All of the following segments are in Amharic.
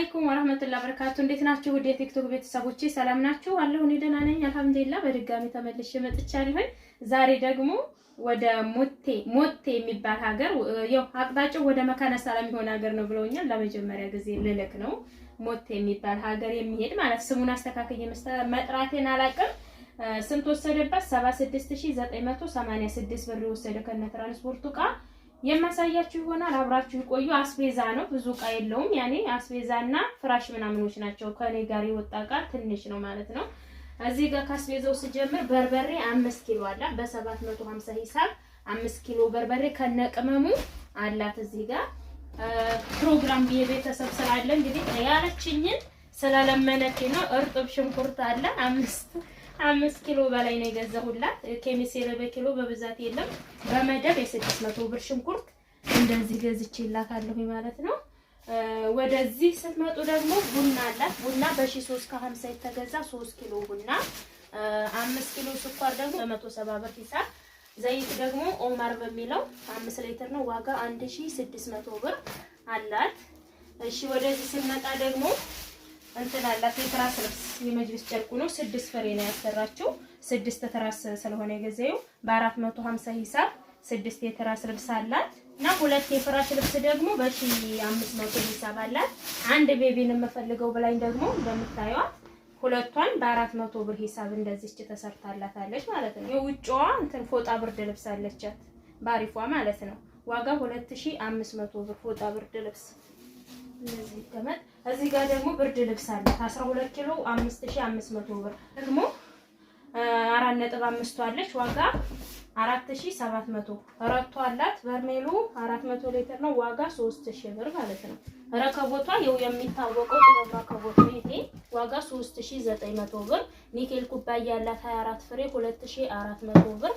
አለይኩም ወራህመቱላሂ በረካቱ። እንዴት ናችሁ ውድ የቲክቶክ ቤተሰቦቼ? ሰላም ናችሁ? አለሁ እኔ ደህና ነኝ አልሐምዱሊላህ። በድጋሚ ተመልሼ መጥቻለሁኝ። ዛሬ ደግሞ ወደ ሞቴ ሞቴ የሚባል ሀገር ያው አቅጣጫው ወደ መካነ ሰላም የሆነ ሀገር ነው ብለውኛል። ለመጀመሪያ ጊዜ ልልክ ነው ሞቴ የሚባል ሀገር የሚሄድ ማለት ስሙን አስተካክዬ መጥራቴን አላውቅም። ስንት ወሰደበት? 76986 ብር የወሰደ ከነ ትራንስፖርቱ ዕቃ የማሳያችሁ ይሆናል። አብራችሁ ቆዩ። አስቤዛ ነው፣ ብዙ እቃ የለውም። ያኔ አስቤዛና ፍራሽ ምናምኖች ናቸው። ከኔ ጋር የወጣ እቃ ትንሽ ነው ማለት ነው። እዚህ ጋር ከአስቤዛው ስጀምር በርበሬ አምስት ኪሎ አላት በ750 ሂሳብ አምስት ኪሎ በርበሬ ከነቅመሙ አላት። እዚህ ጋር ፕሮግራም የቤተሰብ ስላለ እንግዲህ ያለችኝን ስለለመነች ነው። እርጥብ ሽንኩርት አለ አምስት አምስት ኪሎ በላይ ነው የገዛሁላት። ኬሚሴ በኪሎ በብዛት የለም። በመደብ የስድስት መቶ ብር ሽንኩርት እንደዚህ ገዝቼላታለሁ ማለት ነው። ወደዚህ ስትመጡ ደግሞ ቡና አላት። ቡና በሺህ ሦስት ከሀምሳ የተገዛ 3 ኪሎ ቡና፣ አምስት ኪሎ ስኳር ደግሞ በመቶ ሰባ ብር ሂሳብ ዘይት ደግሞ ኦማር በሚለው አምስት ሊትር ነው ዋጋ 1600 ብር አላት። እሺ ወደዚህ ስንመጣ ደግሞ እንትን አላት የትራስ ልብስ የመጅልስ ጨርቁ ነው። ስድስት ፍሬ ነው ያሰራችው። ስድስት ትራስ ስለሆነ የገዛው በአራት መቶ ሀምሳ ሂሳብ ስድስት የትራስ ልብስ አላት እና ሁለት የፍራሽ ልብስ ደግሞ በሺህ አምስት መቶ ሂሳብ አላት። አንድ ቤቢን የምፈልገው ብላኝ ደግሞ እንደምታዩት ሁለቷን በአራት መቶ ብር ሂሳብ እንደዚች ተሰርታላታለች ማለት ነው። የውጭዋ እንትን ፎጣ ብርድ ልብስ አለቻት ባሪፏ ማለት ነው። ዋጋ ሁለት ሺህ አምስት መቶ ብር ፎጣ ብርድ ልብስ እዚህ ይቀመጥ። እዚህ ጋር ደግሞ ብርድ ልብስ አለ 12 ኪሎ 5500 ብር ደግሞ 4.5 አለች ዋጋ 4700 ረቷ አላት። በርሜሉ 400 ሊትር ነው ዋጋ 3000 ብር ማለት ነው። ረከቦቷ ይኸው የሚታወቀው ጥበብ ረከቦት ነው። ይሄ ዋጋ 3900 ብር። ኒኬል ኩባያ አላት 24 ፍሬ 2400 ብር።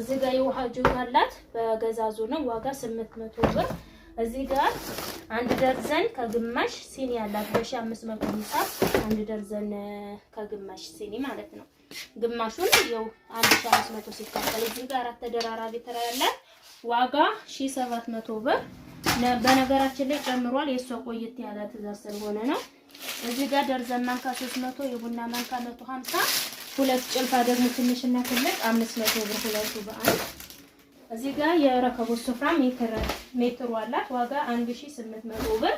እዚህ ጋር የውሃ ጆግ አላት በገዛዙ ነው ዋጋ 800 ብር እዚህ ጋር አንድ ደርዘን ከግማሽ ሲኒ ያላት በ1500 ሂሳብ አንድ ደርዘን ከግማሽ ሲኒ ማለት ነው። ግማሹን ይኸው 1500 ሲካፈል እዚህ ጋር አራት ተደራራቢ ተራ ያላት ዋጋ 1700 ብር። በነገራችን ላይ ጨምሯል። የእሷ ቆየት ያለ ትዕዛዝ ስለሆነ ነው። እዚህ ጋር ደርዘን ማንካ 300፣ የቡና ማንካ 150፣ ሁለት ጭልፋ ደግሞ ትንሽና ትልቅ 500 ብር ሁለቱ በአንድ እዚህ ጋር የረከቦት ስፍራ ሜትር ሜትሩ አላት ዋጋ 1800 ብር።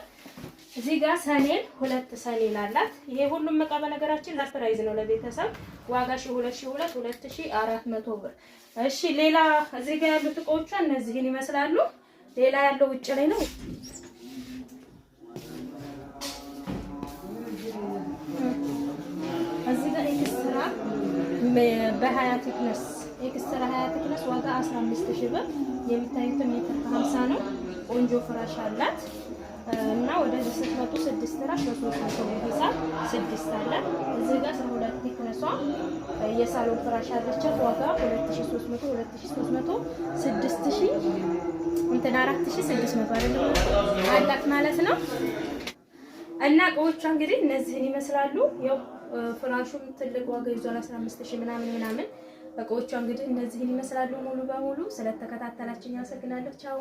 እዚህ ጋር ሰሌን ሁለት ሰሌን አላት። ይሄ ሁሉም እቃ በነገራችን ለፕራይዝ ነው ለቤተሰብ ዋጋ 2002 2400 ብር። እሺ ሌላ እዚህ ጋር ያሉት እቃዎቿ እነዚህን ይመስላሉ። ሌላ ያለው ውጭ ላይ ነው። እዚህ ጋር ኤክስትራ በሀያ ቴክነስ ኤክስትራ ሀያ ትክለስ ዋጋ 15 ሺህ ብር። የሚታዩት ሜትር ከ50 ነው። ቆንጆ ፍራሽ አላት እና ወደዚህ ስትመጡ ስድስት ትራሽ በሶስት መቶ ብር ሂሳብ ስድስት አላት። እዚህ ጋር አስራ ሁለት የሳሎን ፍራሽ አለቻት ዋጋ 2300 2300 እንትን 4600 አይደለም አላት ማለት ነው። እና እቃዎቿ እንግዲህ እነዚህን ይመስላሉ ያው ፍራሹም ትልቅ ዋጋ ይዟል 15 ሺህ ምናምን ምናምን። እቃዎቿ እንግዲህ እነዚህን ይመስላሉ ሙሉ በሙሉ። ስለተከታተላችሁ አመሰግናለሁ። ቻው